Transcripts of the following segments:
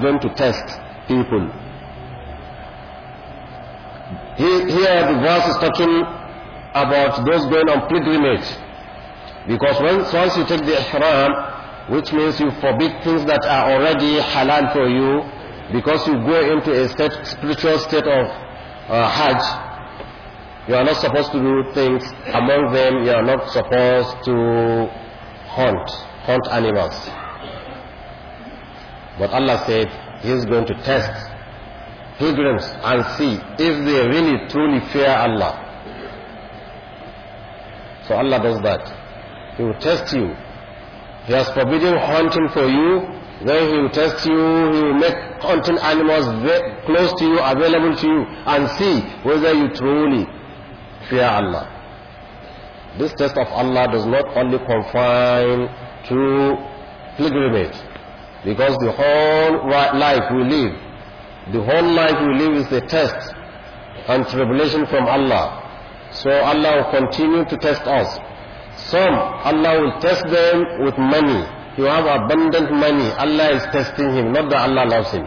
going to test people. Here the verse is talking about those going on pilgrimage. Because once, once you take the ihram, which means you forbid things that are already halal for you, because you go into a state, spiritual state of uh, hajj, you are not supposed to do things. Among them, you are not supposed to hunt, hunt animals. But Allah said He is going to test pilgrims and see if they really truly fear Allah. So Allah does that. He will test you. He has forbidden hunting for you. Then He will test you. He will make hunting animals close to you, available to you, and see whether you truly fear Allah. This test of Allah does not only confine to pilgrimage. Because the whole life we live, the whole life we live is a test and tribulation from Allah. So Allah will continue to test us. Some, Allah will test them with money. You have abundant money. Allah is testing him, not that Allah loves him.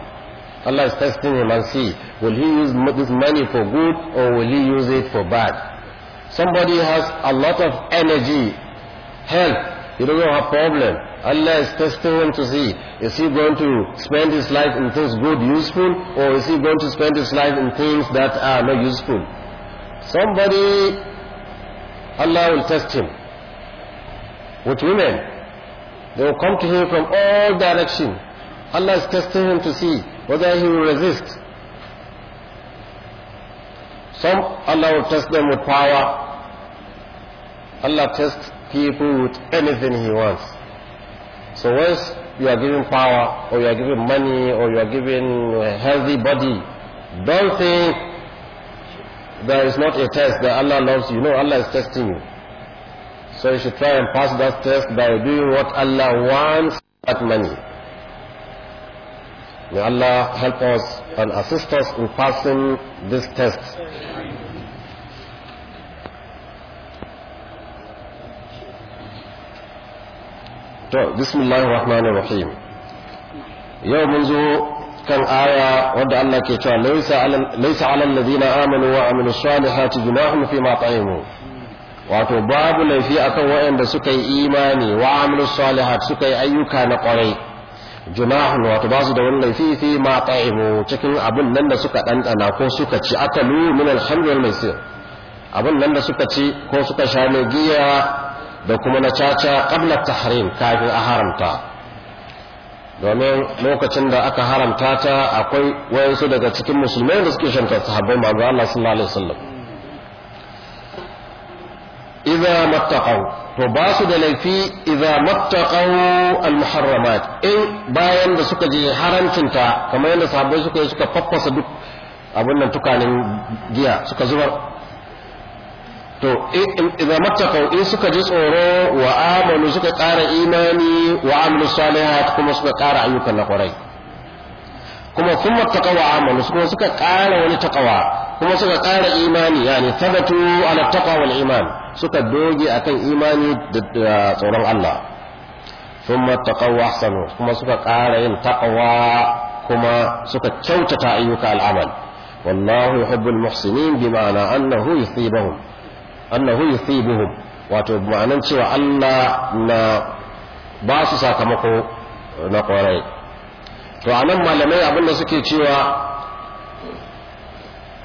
Allah is testing him and see, will he use this money for good or will he use it for bad? Somebody has a lot of energy, health, you don't have problem. Allah is testing him to see, is he going to spend his life in things good, useful, or is he going to spend his life in things that are not useful? Somebody, Allah will test him with women. They will come to him from all direction. Allah is testing him to see whether he will resist. Some Allah will test them with power. Allah tests people with anything he wants. So once you are given power, or you are given money, or you are given a healthy body, don't think there is not a test that Allah loves you. No, Allah is testing you. So you should try and pass that test by doing what Allah wants that money. May Allah help us and assist us in passing this test. to bismillahir rahmanir rahim yau mun zo kan aya wadda Allah ke cewa laysa alal laysa alal ladina amanu wa amilus salihati junahun fi ma ta'imu wato babu laifi akan waɗanda suka yi imani wa amilus salihati suka yi ayyuka na kwarai junahun wato ba su da wani laifi fi ma ta'imu cikin abin nan da suka ɗanɗana ko suka ci akalu min alhamdulillah abin nan da suka ci ko suka sha mai giya da kuma na caca ƙabla tahrim kafin a haramta domin lokacin da aka haramta ta akwai wayansu daga cikin musulmai da suke shanta sahabbai manzo Allah sallallahu alaihi wasallam idza mattaqaw to ba su da laifi iza mattaƙau al muharramat in bayan da suka je haramcinta kamar yadda sahabbai suka yi suka faffasa duk abin nan tukanin giya suka zubar to idza mattaqau in suka ji tsoro wa amanu suka ƙara imani wa amilu salihat kuma suka ƙara ayyuka na ƙwarai kuma sun mattaqau wa amanu kuma suka ƙara wani taqwa kuma suka ƙara imani yani thabatu ala taqwa wal iman suka doge akan imani da tsoron Allah thumma taqaw ahsanu kuma suka ƙara yin taqwa kuma suka kyautata ayyuka al'amal wallahu yuhibbul muhsinin bima'ana annahu yuthibahum annahu yusibuhum wato ma'anan cewa Allah na ba su sakamako na kwarai to anan malamai abinda suke cewa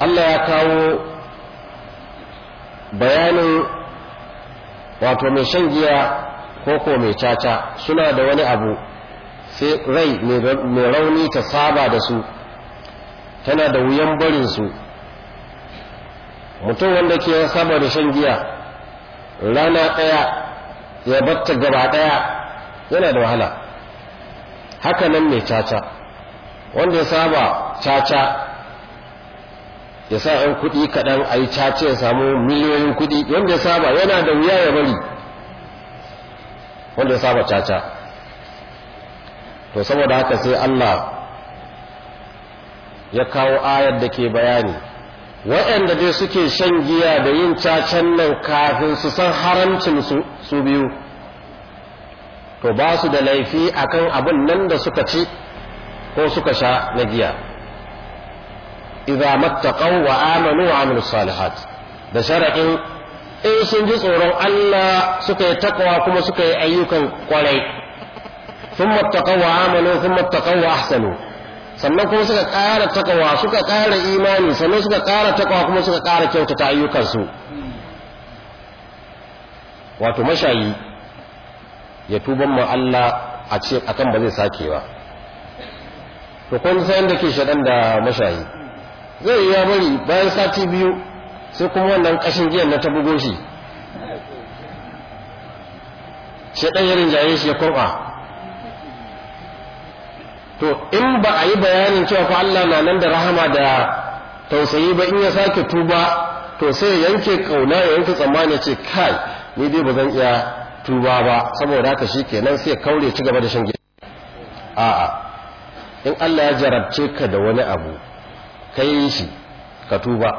Allah ya kawo bayanin wato mai shan giya ko ko mai caca suna da wani abu sai rai mai rauni ta saba da su tana da wuyan barin su. mutum wanda ke saba da shan giya rana ɗaya ya batta gaba ɗaya yana da wahala haka nan mai caca wanda ya saba caca ya sa ‘yan kuɗi kaɗan a yi caca ya samu miliyoyin kuɗi wanda ya saba yana da wuya ya bari wanda ya saba caca to saboda haka sai Allah ya kawo ayar da ke bayani waɗanda dai suke shan giya da yin cacen nan kafin su san haramcin su biyu to ba su da laifi akan abin nan da suka ci ko suka sha na giya idza mattaqaw wa amanu wa amilu salihat da shara'in in sun ji tsoron Allah suka yi takawa kuma suka yi ayyukan kwarai sun mattaqaw wa sun mattaqaw wa sannan kuma suka ƙara takawa suka ƙara imani sannan suka ƙara takawa kuma suka ƙara kyautata ayyukansu wato mashayi ya tuban mu Allah a ce akan ba zai sake ba to kun san da ke shaɗan da mashayi zai ya bari bayan sati biyu sai kuma wannan ƙashin giyan na ta bugo shi shaɗan ya rinjaye shi ya kurɓa to in ba a yi bayanin cewa fa Allah na nan da rahama da tausayi ba in ya sake tuba to sai yanke kauna ya yanke tsammani ce kai ni dai ba zan iya tuba ba saboda haka kenan sai kaure ci gaba da shan a a'a in Allah ya jarabce ka da wani abu kai shi ka tuba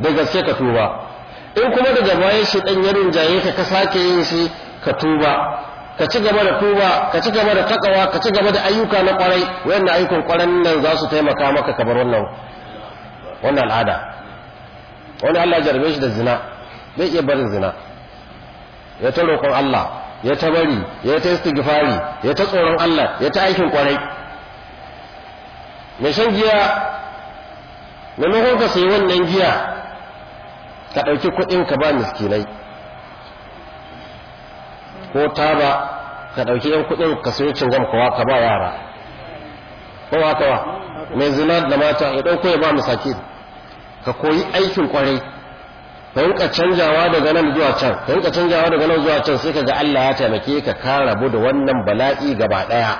da gaske ka tuba in kuma daga bayan shi dan ya rinjaye ka ka sake yin shi ka tuba ka ci gaba da tuba ka ci gaba da takawa ka ci gaba da ayyuka na kwarai wayannan ayyukan kwaran nan za su taimaka maka ka bar wannan wannan al'ada wani Allah jarbe shi da zina bai iya barin zina ya ta roƙon Allah ya ta bari ya ta istighfari ya ta tsoron Allah ya ta aikin kwarai mai shan giya maimakon ka sayi wannan giya ka ɗauki kuɗin ka ba miskinai ko taba ka ɗauki yan kuɗin ka sayo cingam kawa ka ba yara kowa kawa mai zina da mata ya ɗauko ya ba misaki ka koyi aikin kwarai ka rinka canjawa daga nan zuwa can ka rinka canjawa daga nan zuwa can sai ka ga Allah ya taimake ka kara rabu da wannan bala'i gaba ɗaya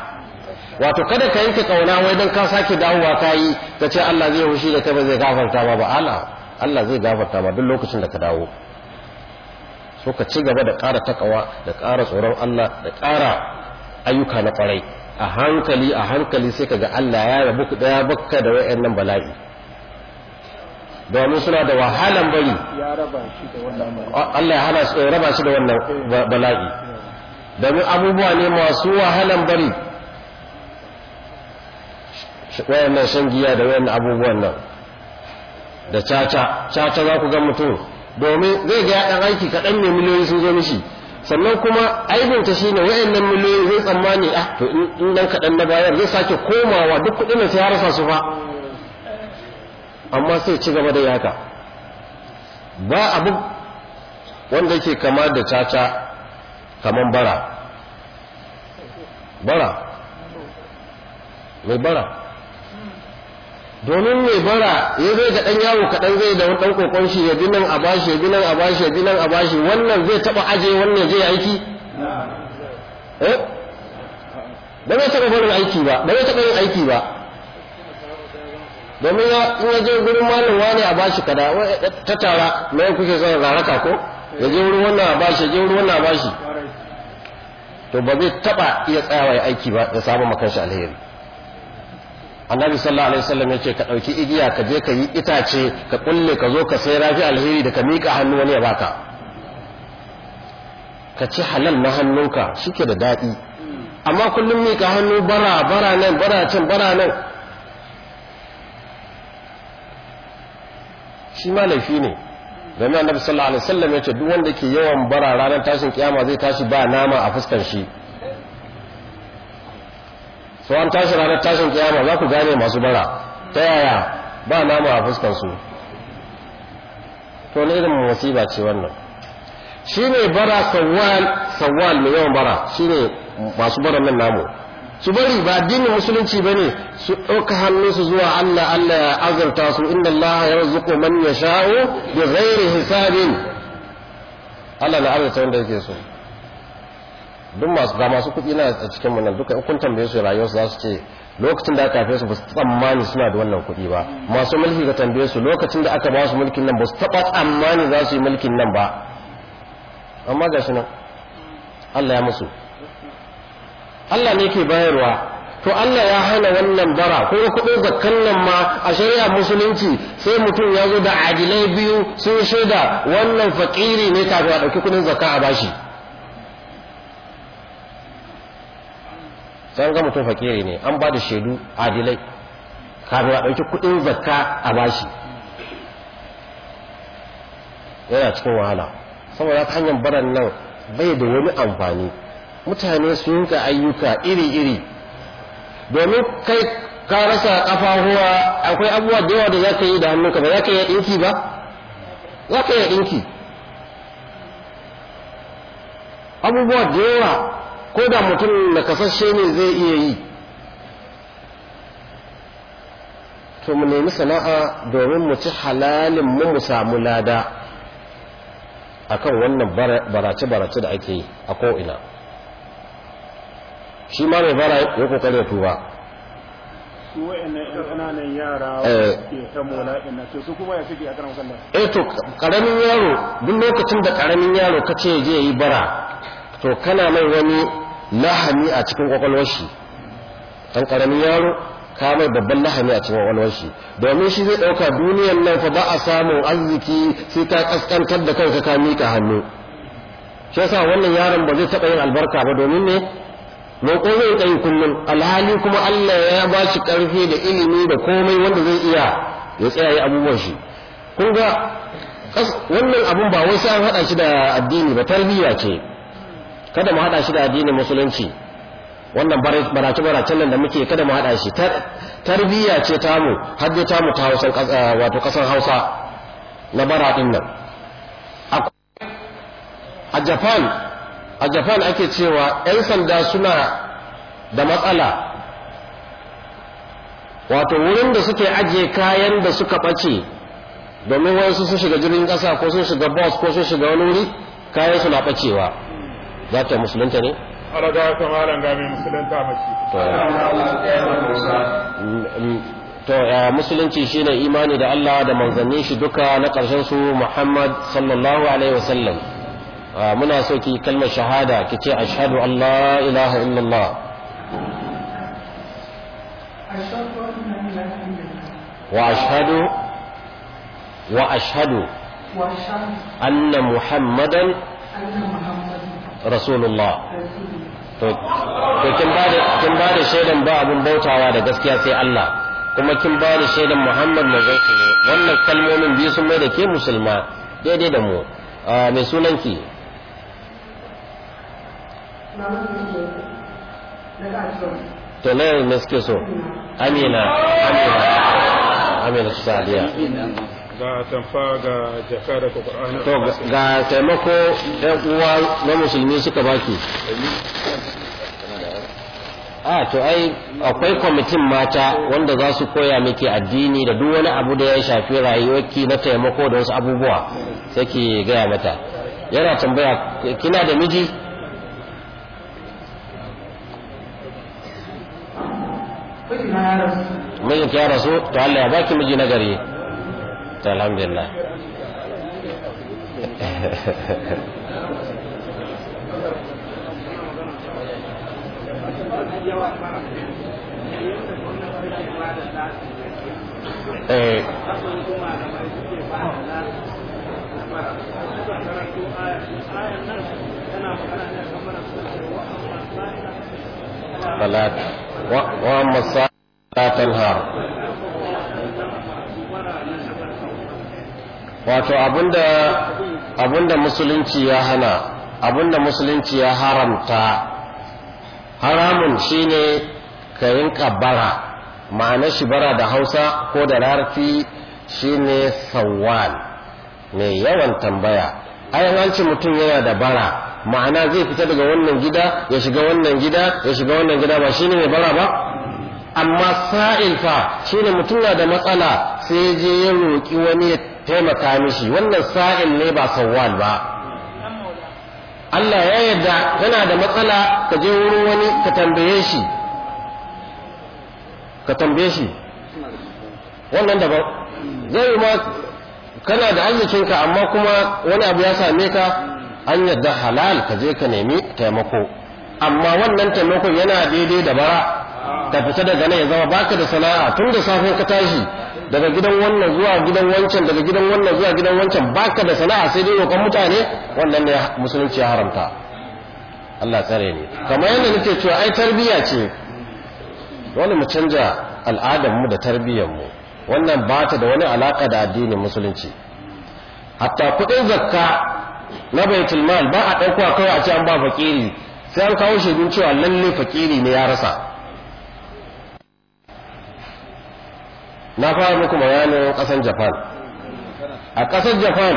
wato kada ka yanke kauna wai dan ka sake dawowa ka yi ka ce Allah zai hushi da kai ba zai gafarta ba ba Allah Allah zai gafarta ba duk lokacin da ka dawo so ka ci gaba da ƙara takawa da ƙara tsoron Allah da ƙara ayyuka na ƙwarai a hankali a hankali sai ga Allah ya rabu ku daya baka da nan bala'i domin suna da wahalan bari Allah ya hana su raba shi da wannan bala'i domin abubuwa ne masu wahalan bari nan shan giya da wayan abubuwan nan da caca caca za ku ga mutum domin zai ga ɗan aiki kaɗan ne miliyoyi sun zo mishi sannan kuma aibinta shine ne nan miliyoyi zai tsammani ah to in nan kaɗan na bayar zai sake komawa duk kuɗin da sai ya rasa su fa amma sai ci gaba da yaka ba abu wanda yake kama da caca kaman bara bara mai bara domin mai bara ya zai da ɗan yawo kaɗan zai da ɗan kokon shi ya nan a bashi ya nan a bashi ya nan a bashi wannan zai taɓa aje wannan zai aiki eh? ba zai taɓa barin aiki ba ba zai taɓa yin aiki ba domin ya in ya je gurin malam wani a bashi kada ta tara mai kuke son raraka ko ya je wurin wannan a bashi ya je wurin wannan a bashi to ba zai taɓa iya tsayawa ya aiki ba da samun makanshi alheri annabi sallallahu alaihi wasallam yace ka dauki igiya ka je ka yi itace ka kulle ka zo ka sai rafi alheri da ka mika hannu wani ya baka ka ci halal na hannunka shike da daɗi amma kullum mika hannu bara bara nan bara can bara nan shi ma laifi ne domin annabi sallallahu alaihi wasallam yace duk wanda ke yawan bara ranar tashin kiyama zai tashi ba nama a fuskar shi so an tashi ranar tashin kiyama za ku gane masu bara ta yaya ba nama a fuskar su to ne irin musiba ce wannan Shi ne bara sawal mai yawan bara shi ne masu bara nan namu su bari ba addinin musulunci ba ne su ɗauka hannun su zuwa Allah Allah ya azurta su inda Allah ya rizuku man sha'o bi ghairi hisabin Allah na arzata wanda yake so duk masu ga masu kuɗi na a cikin mu nan duka in kun tambaye su rayuwarsu za su ce lokacin da aka haife su ba su tsammani suna da wannan kuɗi ba masu mulki ka tambaye su lokacin da aka ba su mulkin nan ba su taɓa tsammani za su yi mulkin nan ba amma ga shi nan Allah ya musu Allah ne ke bayarwa to Allah ya hana wannan bara ko kuɗin zakkan nan ma a shari'a musulunci sai mutum ya zo da adilai biyu sun shaida wannan fakiri ne kafin a ɗauki kuɗin zakka a bashi sai ga mutum fakiri ne an ba da shaidu adilai kafin a ɗauki kuɗin zakka a bashi yana cikin wahala saboda ta hanyar baran nan bai da wani amfani mutane su yinka ayyuka iri-iri domin kai ka rasa kafahuwa akwai abubuwa da yawa da za ka yi da hannunka ba za ka yi ɗinki ba za ka yi ɗinki abubuwa da yawa ko da mutum kasashe ne zai iya yi to mu nemi sana'a domin mu ci halalin mu mu samu lada akan wannan barace-barace da ake yi a ko'ina shi ma mai bara ya kokari tuba su ƙananan yara eh. ke ta mola su kuma ya suke a eh to karamin yaro duk lokacin da karamin yaro ka ce je yi bara to kana mai wani lahami a cikin kwakwalwashi, ɗan ƙaramin yaro ka babban lahami a cikin kwakwalwashi. domin shi zai ɗauka duniyar nan fa ba a samun arziki sai ka ƙasƙantar da kanka ka miƙa hannu shi yasa wannan yaron ba zai taɓa yin albarka ba domin ne roƙo zai tsayi kullum alhali kuma Allah ya ba shi ƙarfi da ilimi da komai wanda zai iya ya tsaya yi abubuwan shi kun ga wannan abun ba wai sai an haɗa shi da addini ba tarbiyya ce kada mu haɗa shi da addinin musulunci wannan barace baracen nan da muke kada mu hada shi tarbiyya ce tamu har ta tamu ta Hausa wato Hausa na bara din nan a Japan a Japan ake cewa yan sanda suna da matsala wato wurin da suke ajiye kayan da suka bace domin wasu sun shiga jirgin kasa ko sun shiga bus ko sun shiga wani wuri kayan su na ɓacewa za ta musulunta ne ala da ta malam ga mai musulunta mace to musulunci shine imani da Allah da manzannin shi duka na ƙarshen su Muhammad sallallahu alaihi wasallam ah, muna so ki kalmar shahada ki ce ashhadu an la ilaha illallah wa ashhadu wa ashhadu anna muhammadan rasulullah to kin ba da kin ba da shaidan ba abin bautawa da gaskiya sai Allah kuma kin ba da shaidan Muhammad manzon ne wannan kalmomin biyu sun mai da ke musulma daidai da mu mai sunan ki to ne me suke so amina amina amina sadiya ga taimako ɗan uwa na musulmi suka baki a to ai akwai kwamitin mata wanda za su koya miki addini da duk wani abu da ya shafi rayuwarki na taimako da wasu abubuwa sai ki gaya mata yana tambaya kina da miji mijin ya rasu to Allah ya baki miji nagari Alhamdulillah. Eh. Wa wa masalah tanhar. wato abinda abinda musulunci ya hana abinda musulunci ya haramta haramun shine ka rinka bara ma'ana shi bara da hausa ko da larfi shine sawwal mai yawan tambaya ayan mutum yana da bara ma'ana zai fita daga wannan gida ya shiga wannan gida ya shiga wannan gida ba shine mai bara ba amma sa'il fa shine mutum na da matsala sai je ya roki wani taimaka mishi wannan sa'in ne ba sauwal ba Allah ya yarda yana da matsala ka je wurin wani ka tambaye shi ka tambaye shi wannan daban zai ma kana da arzikinka amma kuma wani abu ya same ka an yarda halal ka je ka nemi taimako amma wannan taimakon yana daidai da bara ka fita daga nan ya zama baka da sana'a tun da safe ka tashi daga gidan wannan zuwa gidan wancan daga gidan wannan zuwa gidan wancan baka da sana'a sai dai roƙon mutane wannan ne musulunci ya haramta Allah tsare ne kamar yadda nake cewa ai tarbiyya ce wani mu canja al'adar mu da tarbiyyar mu wannan ba ta da wani alaka da addinin musulunci hatta kuɗin zakka na baitul mal ba a ɗauko kawai a ce an ba fakiri sai an kawo shaidun cewa lalle fakiri ne ya rasa na fara muku bayanin kasar japan a ƙasar japan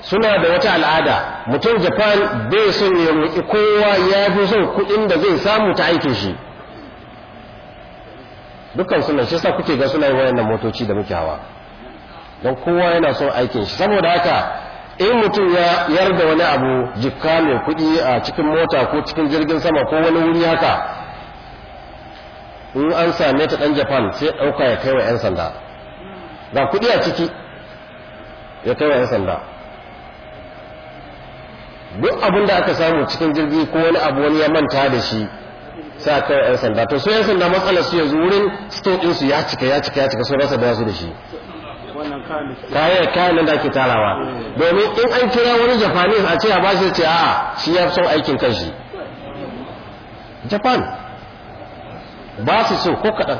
suna da wata al'ada mutum japan bai son ya roƙi kowa ya fi son kuɗin da zai samu ta aikin shi dukkan suna shi sa kuke ga suna wayannan motoci da muke hawa don kowa yana son aikin shi saboda haka in mutum ya yarda wani abu jikka mai kuɗi a cikin mota ko cikin jirgin sama ko wani wuri haka in an same ta ɗan japan sai ɗauka ya kai wa 'yan sanda ga kuɗi a ciki ya kai wa 'yan sanda duk abin da aka samu cikin jirgi ko wani abu wani ya manta da shi sai aka kai wa 'yan sanda to su 'yan sanda matsalar su yanzu wurin store su ya cika ya cika ya cika sun rasa da su da shi kayan kayan da ake tarawa domin in an kira wani japanese a ce a bashi ce a shi ya fi son aikin kanshi japan ba su so ko kaɗan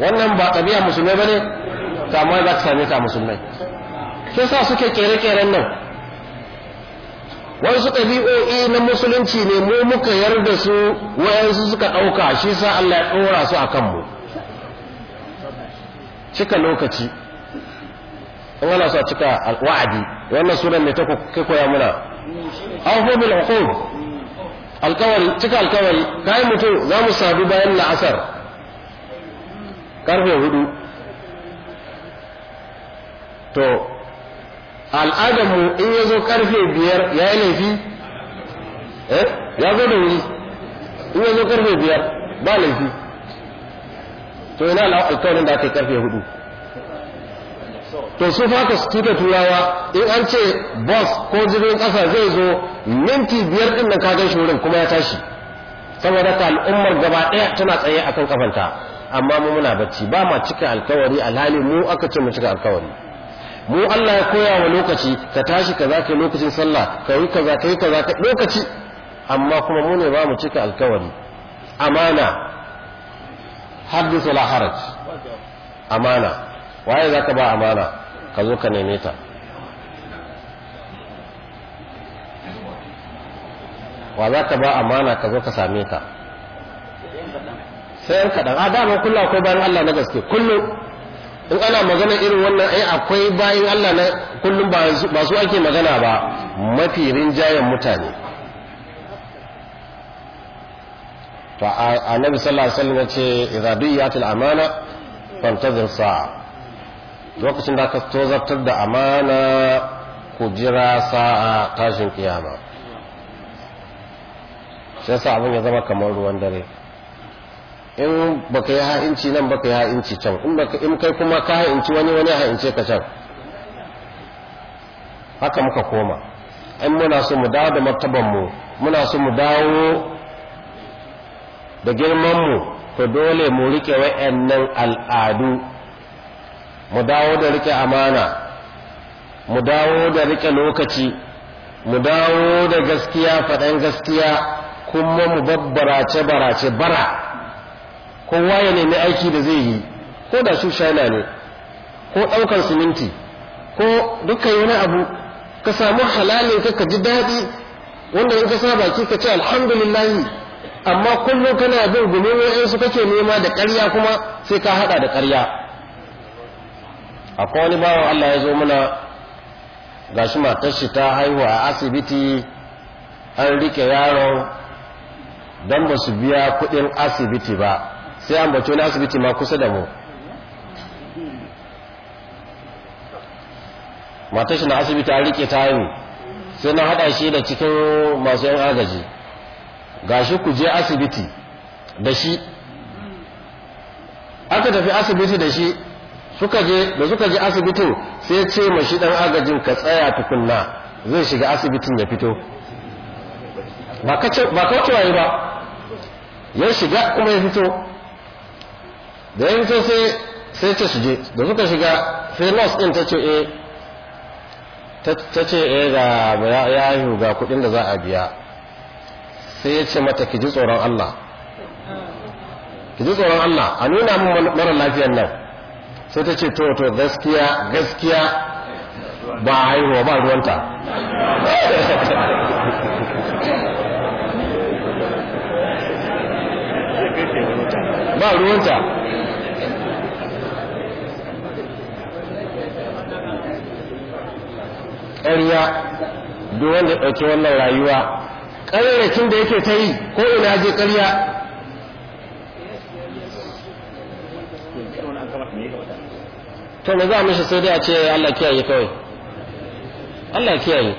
wannan ba ɗabi'a musulmai ba ne amma za ka same ta musulmai kin sa suke kere-keren nan wasu ɗabi'o'i na musulunci ne mu muka yarda su wayansu suka ɗauka shi sa Allah ya ɗora su a kanmu cika lokaci in ana so a cika wa'adi wannan sunan ne ta kai koya muna an hubil uqud alkawari cika alkawari kayan mutum za mu sadu bayan la'asar karfe hudu to al'adamu in ya zo karfe biyar ya yi laifi eh, ya zo da wuri in ya zo karfe biyar ba laifi to ina alkawarin da aka yi karfe hudu to su fata su tuta turawa in an ce bus ko jirgin kasa zai zo minti biyar ɗin nan kagan shi wurin kuma ya tashi saboda ka al'ummar gaba ɗaya tana tsaye akan kafanta amma mu muna bacci ba ma cika alkawari alhali mu aka ce mu cika alkawari mu Allah ya koya wa lokaci ka tashi kaza kai lokacin sallah ka yi kaza kai kaza ka lokaci amma kuma mu ne ba mu cika alkawari amana haraj amana waye za ka ba amana ka zo ka neme ta wa za ka ba amana ka zo ka same ta sai yan kaɗan a daman kullum akwai bayan Allah na gaske kullum in ana magana irin wannan ai eh, akwai bayan Allah na kullum ba su ake magana ba mafi rinjayen mutane to annabi sallallahu alaihi wasallam ya ce idza duyatil amana fantazir sa'a lokacin da aka tozartar da amana ku jira sa'a tashin kiyama sai sa abin ya zama kamar ruwan dare in baka yi ha'inci nan baka yi ha'inci can in kai kuma ka ha'inci wani wani ha'ince ka can haka muka koma in muna so mu dawo da martabanmu muna so mu dawo da girmanmu mu dole mu rike wa'annan al'adu mu dawo da rike amana mu dawo da rike lokaci mu dawo da gaskiya faɗan gaskiya kuma mu bar barace bara kowa ya nemi aiki da zai yi ko da su shaina ne ko ɗaukar siminti ko dukkan wani abu ka samu halalin ka ka ji daɗi wanda in ka sa baki ka ce alhamdulillahi amma kullum kana bin gumin wa'insu kake nema da ƙarya kuma sai ka haɗa da ƙarya akwai wani bawan Allah ya zo muna gashi matar shi ta haihu a asibiti an rike yaron don ba su biya kudin asibiti ba sai an bace wani asibiti ma kusa da mu matar shi na asibiti an rike ta haihu sai na hada shi da cikin masu yan agaji gashi ku je asibiti da shi aka tafi asibiti da shi suka je da suka je asibitin sai ya ce mashi dan agajin ka tsaya tukunna zai shiga asibitin ya fito ba kaucewa yi ba ya shiga kuma ya fito da ya fito sai sai su shige da suka shiga sai nurse din ta ce eh ta ce eh ga ya ga kudin da za a biya sai ya ce mata ki ji tsoron Allah ki ji tsoron Allah a nuna min mara lafiyar nan sai ta ce to to gaskiya gaskiya ba haihuwa ba ruwanta ba ruwanta ƙarya duk wanda ɗauki wannan rayuwa ƙararrakin da yake ta yi ko ina je ƙarya to me za a mishi sai dai a ce Allah kiyaye kawai Allah kiyaye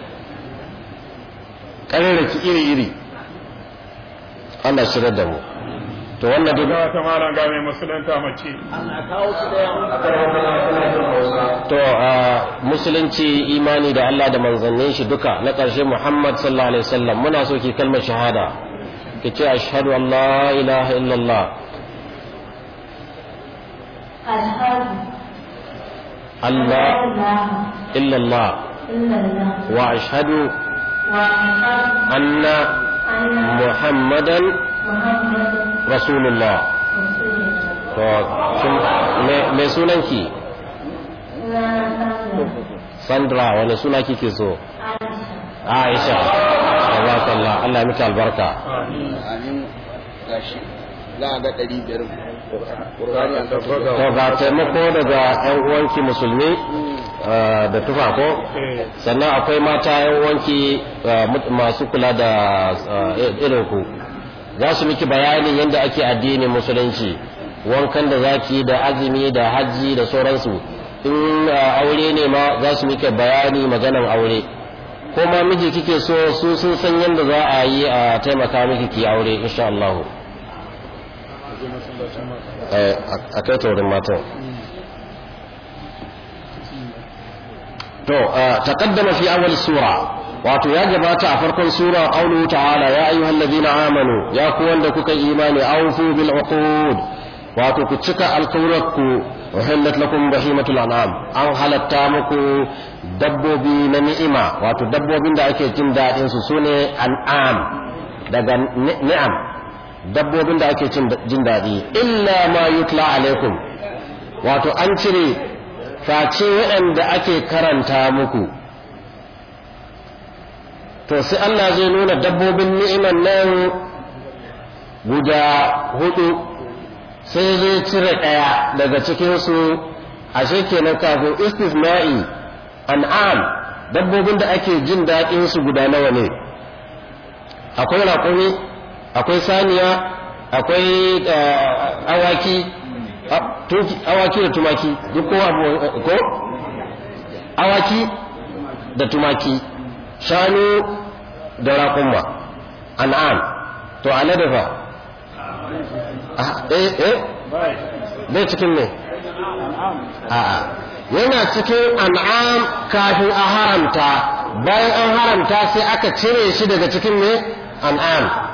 ki iri-iri Allah shirar da mu to wannan duk ta malam ga mai musulunta mace to a musulunci imani da Allah da manzannin shi duka na ƙarshe Muhammad sallallahu alaihi wasallam muna so ki kalmar shahada ki ce ashhadu an la ilaha illallah ashhadu الله إلا الله وأشهد أن محمدا رسول الله mai ki sandra wani suna kike so aisha Allah Allah miki albarka amin za ga ɗari biyar ba taimako daga yan uwanki musulmi hmm. eh, da tufafo hmm. sannan akwai mata yan uwanki eh, masu kula da eh, irin ku za su miki bayani yadda ake addinin musulunci wankan da zaki da azumi da hajji da sauransu in aure ne ma za su miki bayani maganan aure ko ma miji kike so su sun san yadda za a yi a taimaka miki ki aure insha Allah Eh, a kai taurin matan to eh, taqaddama fi awal sura wato ya gabata a farkon sura qawluhu ta'ala ya ayyuhal ladina amanu ya ku wanda kuka imani awfu bil uqud wato ku cika alkawrakku uhillat lakum bahimatul an'am an halatta muku dabbobi na ni'ima wato dabbobin da ake jin daɗin su sune an'am daga ni'am dabbobin da ake jin daɗi illa ma yutla alaikum wato an cire face waɗanda ake karanta muku to sai Allah zai nuna dabbobin ni'iman nan guda hudu sai zai cire ɗaya daga cikinsu a kenan kafin istisna'i an'am dabbobin da ake jin daɗinsu guda nawa ne akwai raƙumi akwai saniya akwai eh, awaki awaki da tumaki duk kowa ko awaki da tumaki shanu da raƙumma an'am to alade fa ah, eh eh bai cikin ne a'a yana cikin an'am kafin a haramta bayan an haramta sai aka cire shi daga cikin ne an'am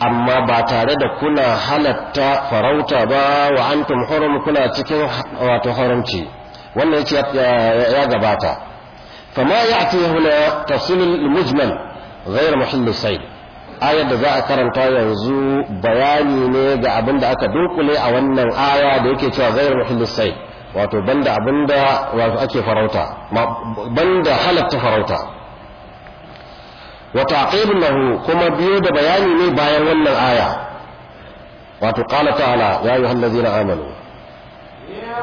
amma ba tare da kuna halatta farauta ba wa antum hurum kuna cikin wato haramci wannan yace ya gabata fama ya'ti huna tafsilul mujmal ghayr muhall sayd ayar da za a karanta yanzu bayani ne ga abin da aka dunkule a wannan aya da yake cewa ghayr muhall sayd wato banda abinda wato ake farauta banda halatta farauta wa ta'qibun lahu kuma biyo da bayani ne bayan wannan aya wato qala ta'ala ya ayyuhallazina amanu ya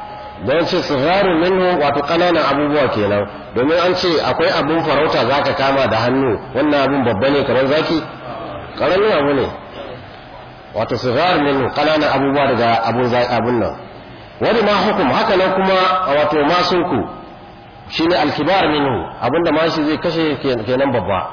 da ya ce sigaru minhu wato kananan abubuwa kenan domin an ce akwai abin farauta za ka kama da hannu wannan abin babba ne kamar zaki ƙaramin abu ne wato sigaru minhu kananan abubuwa daga abun nan wani ma hukum haka nan kuma wato masunku shi ne alkibar minhu abinda ma shi zai kashe kenan babba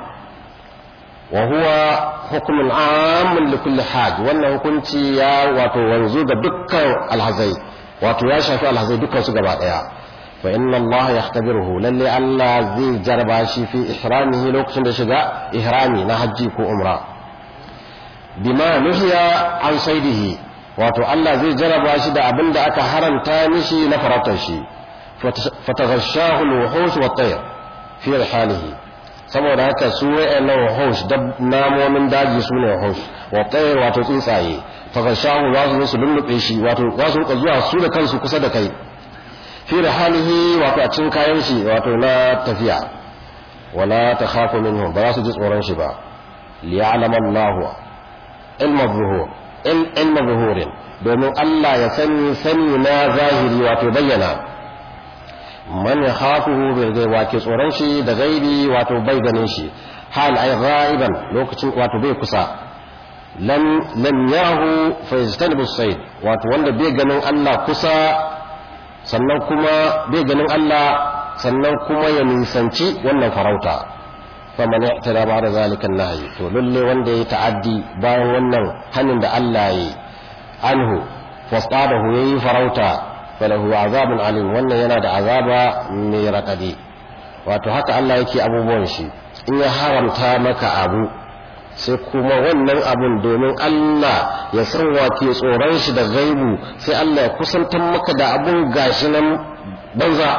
wa huwa hukumin amin likulli hajj wannan hukunci ya wato wanzu ga dukkan alhazai wato ya shafi alhazai dukkan su gaba daya fa inna Allah yahtabiruhu lalle Allah zai jarba shi fi ihramihi lokacin da shiga ihrami na hajji ko umra bima nuhiya an saidihi wato Allah zai jaraba shi da abin da aka haramta mishi na farautar shi fataghashahu al wa tayr fi halihi saboda haka su wa'annan wuhush dab namomin daji su ne wuhush wa tayr wato tsuntsaye fagashahu za su su lullube shi wato za su zuwa su da kansu kusa da kai fi da halihi wato a cikin kayan shi wato na tafiya wala ta khafu minhum ba za su ji tsoron shi ba liya'lam Allah ilma zuhur domin Allah ya sani sani na zahiri wato bayyana man ya khafuhu bil ghaib tsoron shi da gaibi wato bai ganin shi hal ay ghaiban lokacin wato bai kusa lam lam yahu fa sayd wato wanda bai ganin Allah kusa sannan kuma bai ganin Allah sannan kuma ya nisanci wannan farauta ya'tara da zalikan zalikan nahi to lalle wanda ya ta'addi bayan wannan hanin da Allah yi anhu fasadahu yayi farauta falahu azabun alim wannan yana da azaba mai raƙadi wato haka Allah yake abubuwan shi in ya haramta maka abu sai kuma wannan abun domin Allah ya san wake tsoron shi da gaibu sai Allah ya kusantar maka da abun gashi nan banza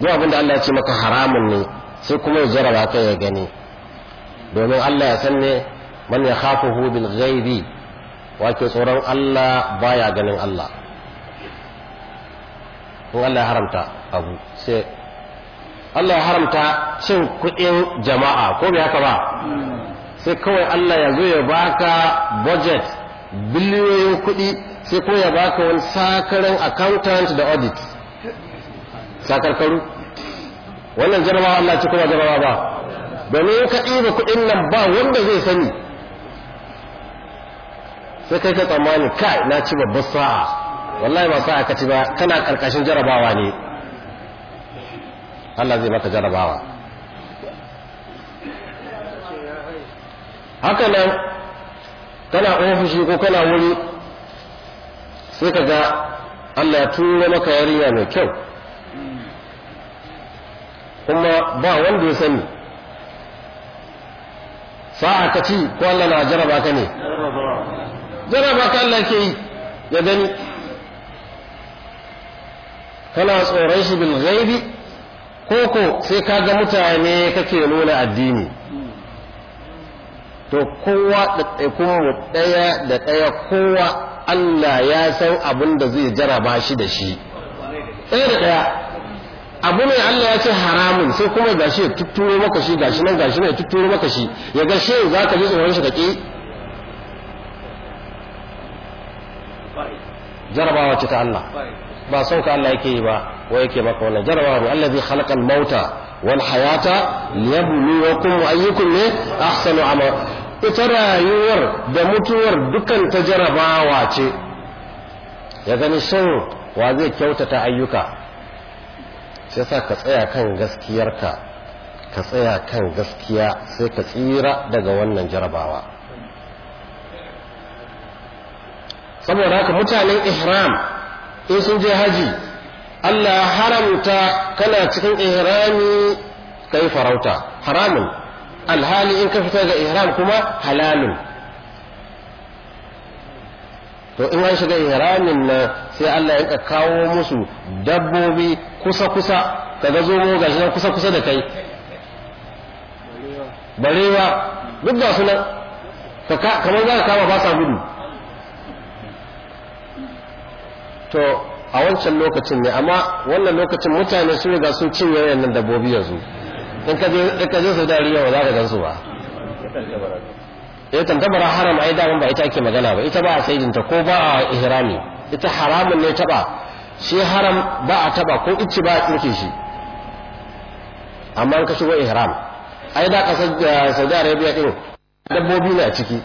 duk abin da Allah ya ce maka haramun ne sai kuma ya jarraba ka ya gani domin Allah ya san ne man ya hafi bil ghaibi wake tsoron Allah baya ganin Allah in Allah ya haramta abu sai Allah ya haramta cin kuɗin jama'a ko bai haka ba sai kawai Allah ya zo ya baka budget biliyoyin kuɗi sai ko ya baka wani sakarin accountant da audit sakarkaru wannan jarabawa Allah ci kuma jarabawa ba domin ka ɗiba kuɗin nan ba wanda zai sani sai kai ka tsammani kai na ci babbar sa'a wallahi ba sa'a ka ci ba kana ƙarƙashin jarabawa ne Allah zai baka jarabawa haka nan kana ofishi ko kana wuri sai ka ga Allah turo maka yarinya mai kyau kuma ba wanda ya sani sa'a ka ci ko Allah na jaraba ka ne jaraba ka Allah ke yi ya gani kana tsoron shi bil ghaibi koko sai ka ga mutane kake nuna addini to kowa da mu ɗaya da ɗaya kowa Allah ya san abin da zai jaraba shi da shi ɗaya da ɗaya abu ne Allah ya ce haramun sai kuma shi ya tutturo maka shi shi nan ga shi ya tutturo maka shi ya ga shi za ka ji tsoron shi kake jarabawa ce ta Allah ba son ka Allah yake yi ba wai yake maka wannan jarabawa ne allazi khalaqal mauta wal hayata liyabluwakum ayyukum ne ahsanu amal ita rayuwar da mutuwar dukkan ta jarabawa ce ya gani shin wa zai kyautata ayyuka sai sa ka tsaya kan gaskiyarka ka tsaya kan gaskiya sai ka tsira daga wannan jarabawa saboda haka mutanen ihram in sun je haji Allah ya haramta kana cikin ihrami kai farauta haramun alhali in ka fita ga ihram kuma halalun to in an shiga ihramin nan sai Allah ya kawo musu dabbobi kusa kusa kaga zomo gashi kusa kusa da kai barewa duk ga sunan kamar za ka kama ba sa gudu to a wancan lokacin ne amma wannan lokacin mutane sun riga sun cinye wayannan dabbobi yanzu in ka je su dariya ba za ka gansu ba ya eh, tantabara haram ai daman ba ita ake magana ba ita ba a saidinta ko ba a ihrami ita haramun ne taba shi haram ba a taba ko icci ba a tsinke shi amma ka shigo ihram ai da kasar eh, saudi arabia din dabbobi ne a ciki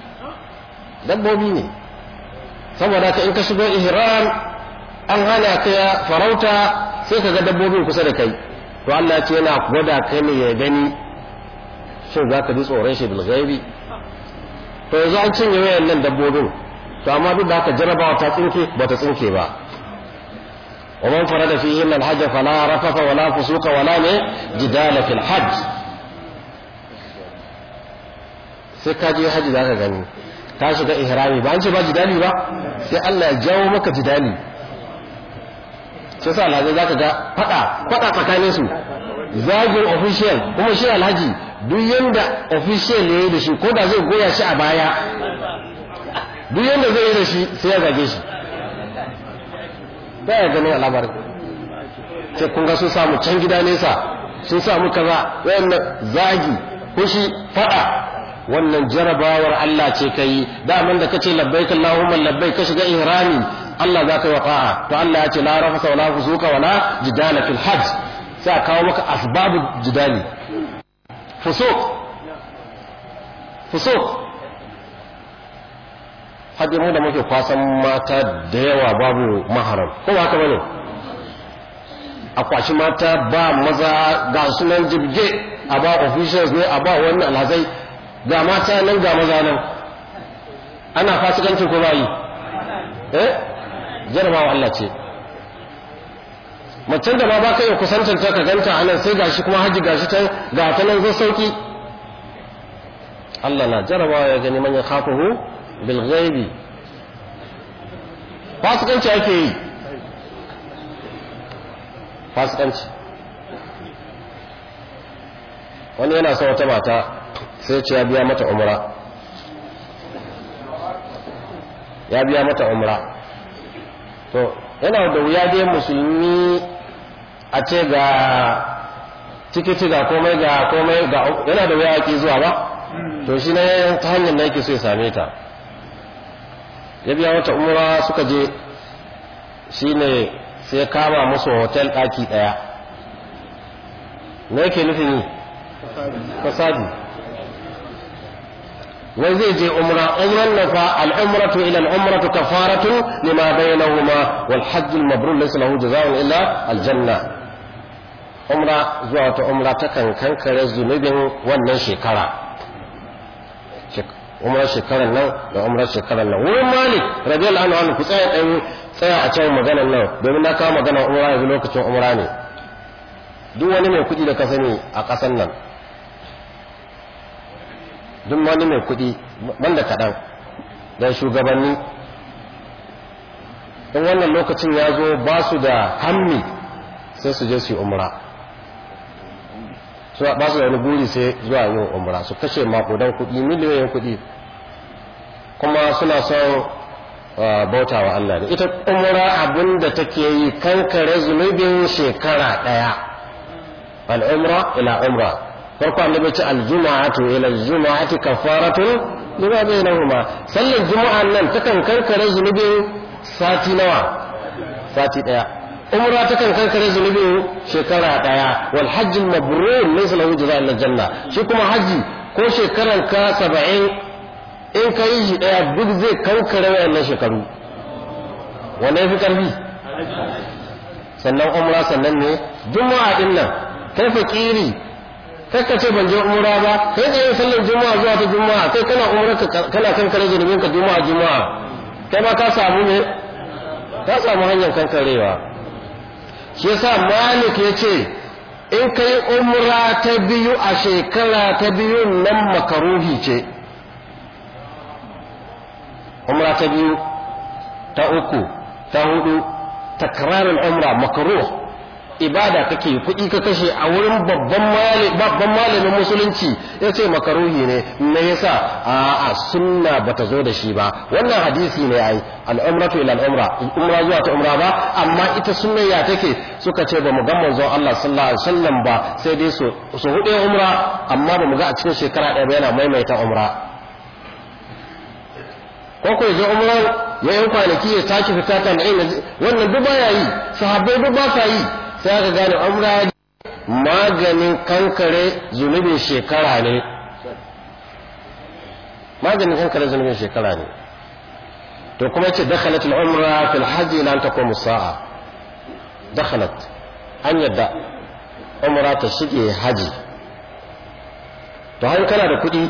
dabbobi ne saboda ka in ka shigo ihram an hana ka farauta sai ka ga dabbobin kusa da kai to Allah ce yana gwada kai ne ya gani shin za ka ji tsoron shi bilghairi to yanzu an cinye wayan nan dabbobin to amma duk da aka jarabawa ta tsinke ba ta tsinke ba wa man farada fihi al hajj fala rafafa wala fusuka wala ne jidala fil hajj sai ka je haji za ka gani ka shiga ihrami ba an ce ba jidali ba sai Allah ya jawo maka jidali shi yasa alhaji za ka ga faɗa faɗa tsakanin su zagin official kuma shi alhaji duk yanda official ya yi da shi ko da zai goya shi a baya duk yanda zai yi da shi sai ya zage shi ba ya ganin al'amarin sai kun ga sun samu can gida nesa sun samu kaza wayannan zagi fushi faɗa wannan jarabawar Allah ce ka yi daman da kace labbaik Allahumma labbaik ka shiga ihrami Allah za ka yi wa to Allah ya ce la rafasa wala fusuka wala jidala fil hajj sai a kawo maka asbabu jidali Fusuk! Fusuk! hadin mu da muke kwasan mata da yawa babu maharam ko ba ka bane a kwashi mata ba maza ga sunan jibge a ba officials ne a ba wannan alhazai ga mata nan ga maza nan ana fasikancin ko ba yi eh jarabawa Allah ce macen da ma ba ka iya ta ka ganta a nan sai gashi kuma haji gashi ta ga ta nan zai sauki Allah na jarabawa ya gani manyan khafuhu bil ghaibi fasikanci ake yi fasikanci wani yana son wata mata sai ce ya biya mata umra ya biya mata umra to yana da wuya dai musulmi a ce ga tikiti ga komai ga komai ga yana da wuya ake zuwa ba to shi ne ta hanyar da yake so ya same ta ya biya wata umura suka je shi ne sai kama musu hotel ɗaki ɗaya na yake nufin fasadi wai zai je umra umran na fa al'umratu ila al'umratu kafaratu lima bainahuma wal hajj al mabrur laysa lahu jazaa'un illa al janna umra zuwa ta umra ta kankan zunubin wannan shekara umrar shekarar nan da umrar shekarar nan wurin malik radiyallahu anhu ku tsaya dan tsaya a cikin maganar nan domin na kawo maganar umra yanzu lokacin umra ne duk wani mai kuɗi da ka sani a ƙasar nan duk wani mai kuɗi wanda kaɗan da shugabanni in wannan lokacin ya zo ba su da hammi sai su je su yi umra su ba su da wani buri sai zuwa yin umra su kashe makudan kuɗi miliyoyin kuɗi kuma suna son ah, bauta wa Allah da ita umra abin da take yi kankare zunubin shekara ɗaya al'umra ila umra farko annabi ce aljuma'atu ila aljuma'ati kafaratun lima bainahuma sallar juma'a nan takan karkare zunubin sati nawa sati daya umra takan karkare zunubin shekara daya wal hajji mabrur laysa lahu jazaa'un illa janna shi kuma haji ko shekaran ka 70 in ka yi shi daya duk zai kankare wayannan shekaru wanda ya fi karfi sannan umra sannan ne juma'a din nan kai fakiri kai ka ce ban je umra ba kai ka yi sallar juma'a zuwa ta juma'a kai kana umra kana kankare zunubin ka juma'a juma'a kai ma ka samu ne ka samu hanyar kankarewa shi yasa malik ya ce in ka umra ta biyu a shekara ta biyu nan makaruhi ce umra ta biyu ta uku ta hudu takrarin umra makaruhi ibada kake kuɗi ka kashe a wurin babban malamin musulunci ya ce makaruhi ne me yasa a'a sunna bata zo da shi ba wannan hadisi ne ai al'umratu ila al'umra umra zuwa ta umra ba amma ita sunna ya take suka ce ba mu ga manzon Allah sallallahu alaihi wasallam ba sai dai su su hude umra amma ba mu ga a cikin shekara ɗaya ba yana maimaita umra ko ko zo umra ya yi kwanaki ya sake fita da wannan duk yi sahabbai duk ba yi sai aka gane umra maganin kankare zunubin shekara ne maganin kankare zunubin shekara ne to kuma ce dakhalat al-umra fil hajj lan taqum sa'a dakhalat an yadda umra ta shige haji to har kana da kuɗi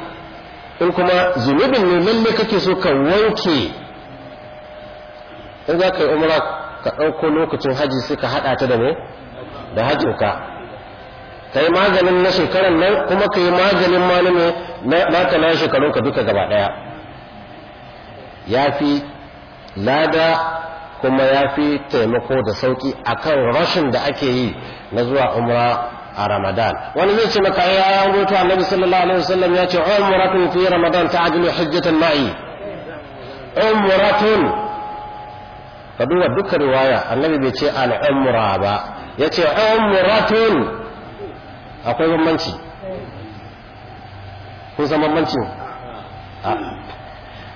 in kuma zunubin ne lalle kake so ka wanke in za ka yi umra ka ɗauko lokacin haji sai ka haɗa ta da ne da haƙinka ka yi maganin na shekaran nan kuma ka yi maganin na naka na ka duka gaba ɗaya ya fi lada kuma ya fi taimako da sauƙi akan rashin da ake yi na zuwa umra a ramadan wani zai ce maka ya an rubuta annabi sallallahu alaihi wasallam ya ce umratun fi ramadan ta'dilu hujjatan ma'i umratun ka duba duka riwaya annabi bai ce al umra ba ya ce umratun akwai bambanci kun san bambanci ah.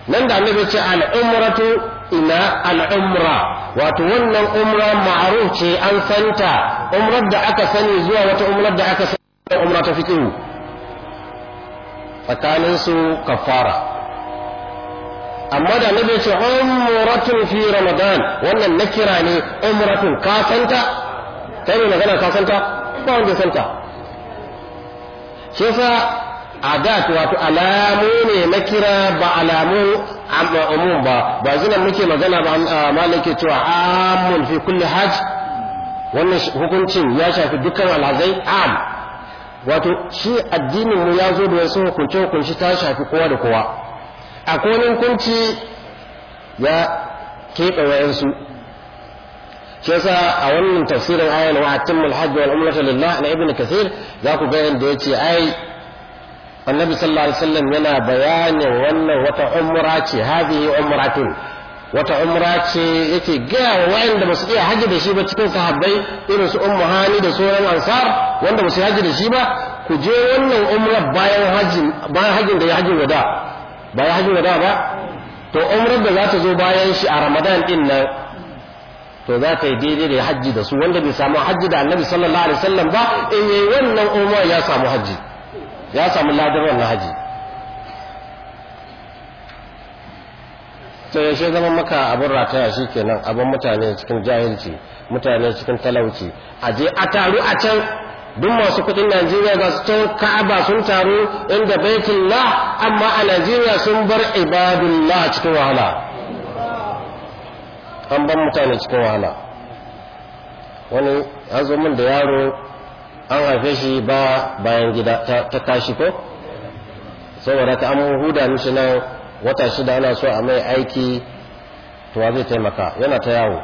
nan da annabi ce al'umratu ina al'umra wato wannan umra ma'aruf ce an santa umrar da aka sani zuwa wata umrar da aka sani umra ta fiqhu tsakanin su kafara amma da annabi ce umratun fi ramadan wannan nakira ne umratun ka santa kai ne magana ka santa ba wanda santa shi yasa adat wato alamu ne na kira ba alamu umum ba ba zinan muke magana ba malike cewa amun fi kulli hajj wannan hukuncin ya shafi dukkan alhazai am wato shi addinin mu ya zo da wasu hukunce hukunci ta shafi kowa da kowa akwai wani hukunci ya keɓe wayansu shi yasa a wannan tafsirin ayan wa atimul hajj wal umrata lillah na ibnu kathir za ku ga inda yace ai annabi sallallahu alaihi wasallam yana bayanin wannan wata umra ce hadhihi umratun wata umra ce yake gaya wa wayanda ba su iya hajji da shi ba cikin sahabbai irin su ummu hani da sauran ansar wanda ba su hajji da shi ba ku je wannan umrar bayan hajjin bayan hajjin da ya hajjin wada bayan hajjin wada ba to umrar da za ta zo bayan shi a ramadan din nan to za ta yi daidai da hajji da su wanda bai samu hajji da annabi sallallahu alaihi wasallam ba in yi wannan umar ya samu hajji ya samu ladar wannan hajji to yaushe zama maka abin rataya shi kenan abin mutane cikin jahilci mutane cikin talauci a je a taru a can duk masu kudin najeriya za su can ka'aba sun taru inda baitullah amma a najeriya sun bar ibadullah cikin wahala an ban mutane cikin wahala wani azumin da yaro an haife shi ba bayan gida ta kashi ko saboda ta an huda mishi nan wata shida ana so a mai aiki to zai taimaka yana ta yawo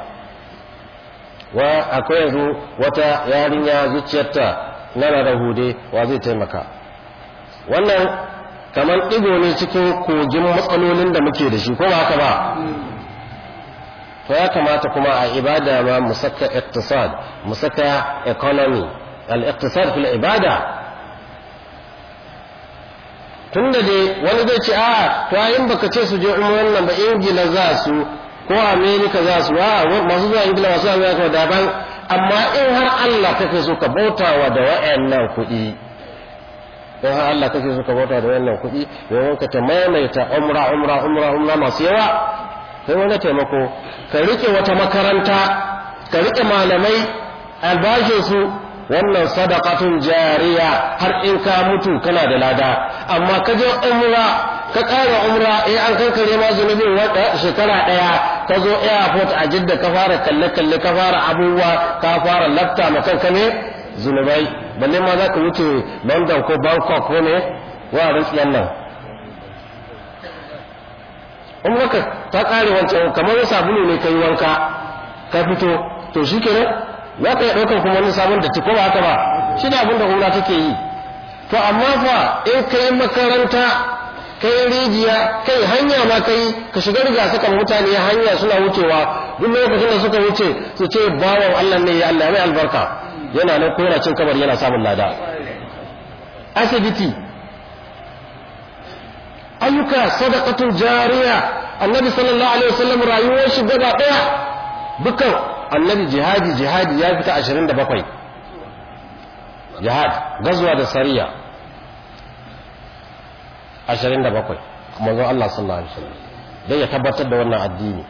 wa akwai yanzu wata yarinya zuciyarta nana da hude wa zai taimaka wannan kamar ɗigo ne cikin kogin matsalolin da muke da shi ko ba haka ba to ya kamata kuma a ibada ma mu saka iqtisad mu saka economy al-iqtisad fil ibada tunda dai wani zai ce a to in baka ce su je umarin nan ba ingila za su ko amerika za su a masu zuwa ingila masu da daban amma in har allah kake so ka bautawa da wa'annan kuɗi in har allah kake so ka bauta da wa'annan kuɗi domin ka ta maimaita umra umra umra umra masu yawa kai wani taimako ka rike wata makaranta ka rike malamai albashinsu wannan sadakatun jariya har in ka mutu kana da lada amma ka je umra ka ƙara umra eh an kankare ma zunubin wata eh, shekara ɗaya ka zo airport a jidda ka fara kalle kalle ka fara abubuwa ka fara lafta ma kanka ne zunubai balle ma za ka wuce london ko bangkok ko ne wa rintsiyan nan in ta kare wancan kamar sabulu ne ka yi wanka ka fito to shi kenan za ka yi ɗaukar kuma wani sabon da ko ba haka ba shi ne abin da hula take yi to amma fa in kai makaranta kai rijiya kai hanya ma kai ka shiga riga sakan mutane hanya suna wucewa duk lokacin da suka wuce su ce bawan Allah ne ya Allah mai albarka yana nan ko yana cin kamar yana samun lada asibiti ayyuka sadaqatul jariya annabi sallallahu alaihi wasallam rayuwar shi gaba daya dukkan annabi jihadi jihadi ya fita 27 jihad gazwa da sariya 27 manzon Allah sallallahu alaihi wasallam dai ya tabbatar da wannan addini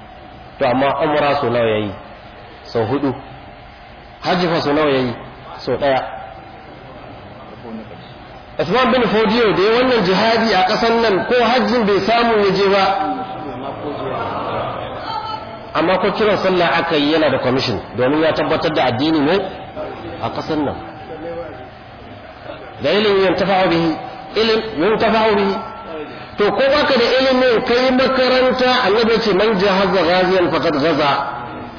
to amma umra so nawa yayi sau hudu hajji fa so nawa yayi so daya Usman bin Fodiyo da ya wannan jihadi a ƙasan nan ko hajjin bai samu ya je ba amma ko kiran sallah aka yi yana da kwamishin domin ya tabbatar da addini ne a ƙasan nan da ilimin yin tafa'u bihi ilimin tafa'u bihi to ko baka da ilimin kai makaranta annabi ce man jahaza ghaziyan Fatar gaza,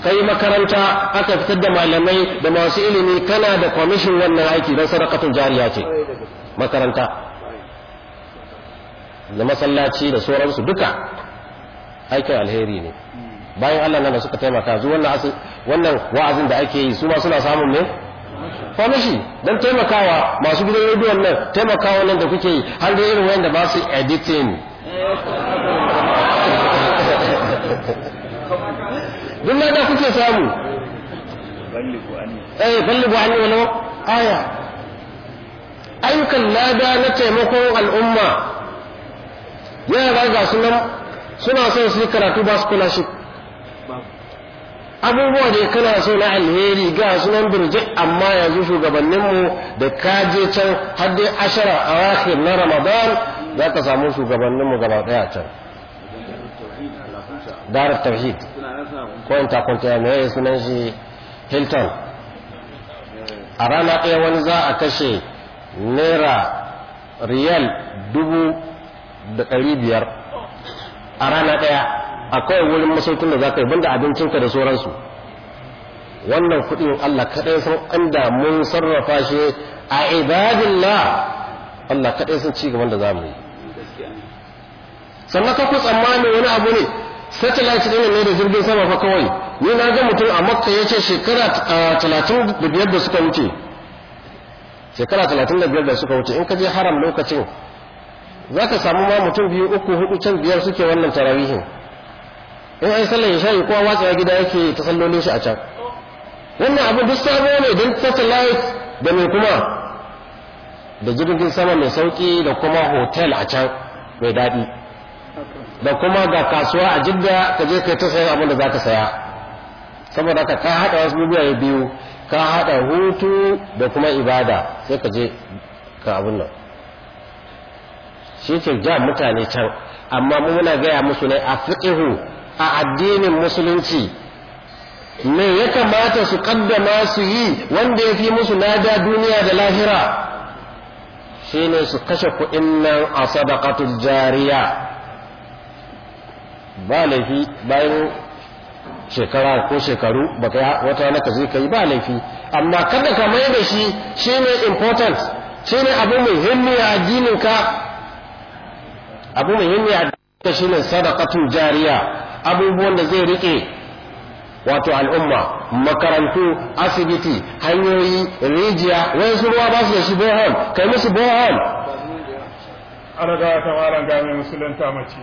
kai makaranta aka fitar da malamai da masu ilimi kana da kwamishin wannan aiki don sadakatun jariya ce makaranta da masallaci da sauransu duka aikin alheri ne bayan Allah na da suka taimaka zu wannan wa'azin da ake yi su ma suna samun ne famishi don taimakawa masu gidan rediyon nan taimakawa nan da kuke yi har da irin wayanda ba su editin. duk da kuke samu balligu anni eh balligu aya ayyukan lada na taimakon al'umma ya ga sunan suna son su yi karatu ba scholarship abubuwa da kana so na alheri ga sunan birje amma yanzu shugabanninmu da kaje can har dai ashara a wakil na ramadan za ka samu shugabanninmu gaba daya can darar tauhid ko ya mai sunan shi hilton a rana ɗaya wani za a kashe naira riyal dubu da ɗari biyar a rana ɗaya a kawai wurin masaukin da za ka yi banda abincinka da sauransu wannan kuɗin Allah kaɗai sun anda mun sarrafa shi a ibadillah Allah kaɗai sun ci gaban da za mu yi sannan ka tsammanin tsammani wani abu ne satellite ɗin ne da jirgin sama fa kawai ni na ga mutum a makka ya ce shekara ah, talatin da biyar da suka wuce shekara talatin da biyar da suka wuce in ka je haram lokacin za ka samu ma mutum biyu uku hudu can biyar suke wannan tarawihin in ai sallar ya shayi kowa watsa gida yake ta sallolin shi a can wannan abin duk sabo ne don satellite da mai kuma da jirgin sama mai sauki da kuma hotel a can mai daɗi da kuma ga kasuwa a jidda ka je kai ta sayan abin da za ka saya saboda ka ka haɗa wasu bibiyaye biyu ka haɗa hutu da kuma ibada sai ka je ka abun nan shi ce ja mutane can amma muna gaya musu ne a fiqihu a addinin musulunci me ya kamata su kaddama su yi wanda ya fi musu lada duniya da lahira Shi ne su kashe kuɗin nan a sadakatun jariya ba laifi bayan shekara ko shekaru baka ya wata wani ka zai kai ba laifi amma kada ka mai da shi ne important shi ne abu himmi a jininka. ka abu himmi a jininka shi shine sadakatun jariya abubuwan da zai rike wato al'umma makarantu asibiti hanyoyi rijiya su ruwa ba su da shi bohol kai musu bohol alaga ta malam ga musulunta mace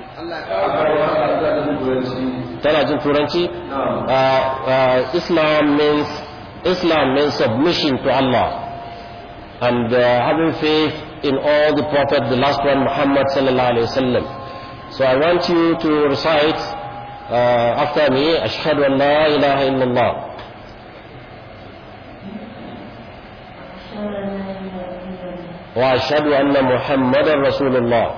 tana jin turanci uh, uh, islam means islam means submission to allah and uh, having faith in all the prophet the last one muhammad sallallahu alaihi wasallam so i want you to recite uh, after me ashhadu an la ilaha illallah وأشهد أن محمدا رسول الله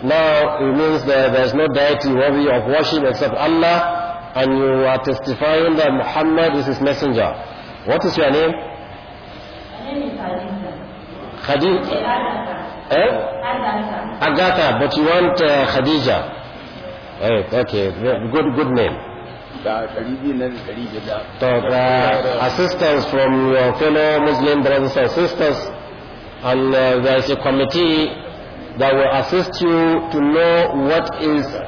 Now it means that there's no deity worthy of worship except Allah and you are testifying that Muhammad is his messenger. What is your name? Khadija. Eh? Agatha, but you want uh, Khadija. Right, okay, good, good name. So uh, assistance from your fellow Muslim brothers and sisters, and uh, there is a committee that will assist you to know what is uh,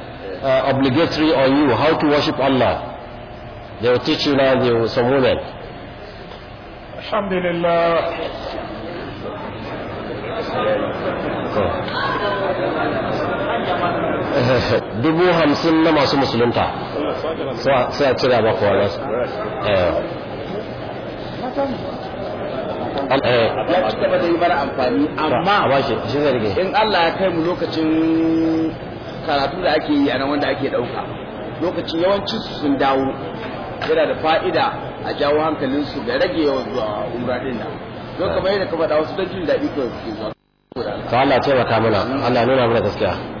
obligatory on you, how to worship Allah. They will teach you now the, some women. Alhamdulillah. Dubu hamsin na masu musulunta. sai a cira maka eh. Eh. ya da yi mana amfani amma in Allah ya kai mu lokacin karatu da ake yi a nan wanda ake ɗauka lokacin yawancin sun dawo yana da fa'ida a jawo su da rage yawan zuwa umra din nan don kamar yadda ka faɗa wasu don jin daɗi ko suke zuwa. ta Allah taimaka mana Allah nuna mana gaskiya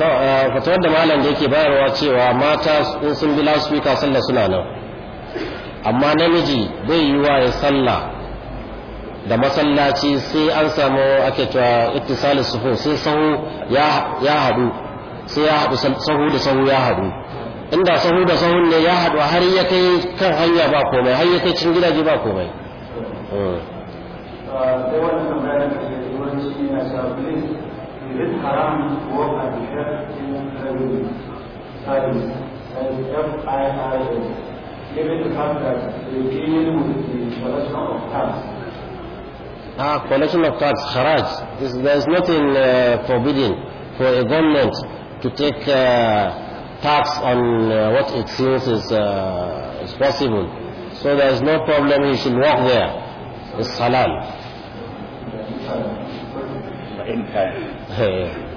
Eh, fatawar da malam da yake bayarwa cewa mata in sun bi lasfika sallah suna nan amma namiji bai yi wa ya salla da masallaci sai an samu ake cewa ittisalin sufu sai sahu ya haɗu sai ya haɗu sahu da sahu ya haɗu inda sahu da sahu ne ya haɗu har ya kai kan hanya ba komai har ya kai cikin gidaje ba komai hmm. eh, yawanci yana sa bilis bilis haram ko a bishar cikin rabin sadis as firs given the fact that they deal with the collection of cards. Ah, collection of tax, haraj. There is nothing uh, forbidding for a government to take uh, tax on uh, what it feels is, uh, is possible. So there is no problem, you should walk there. It's halal. 哎。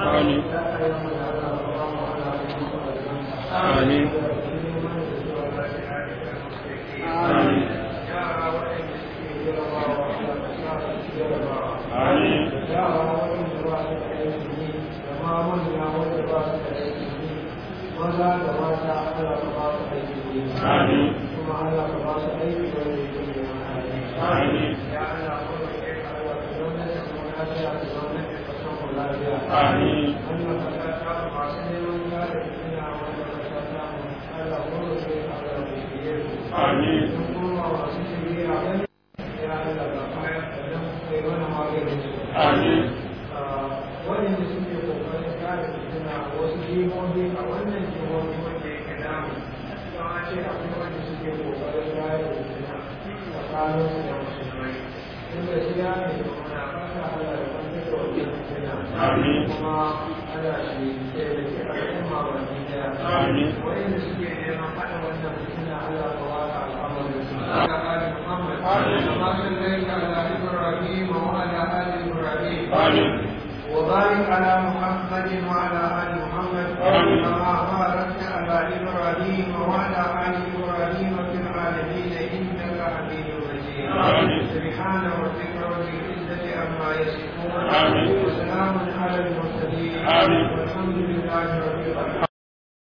آمين آمين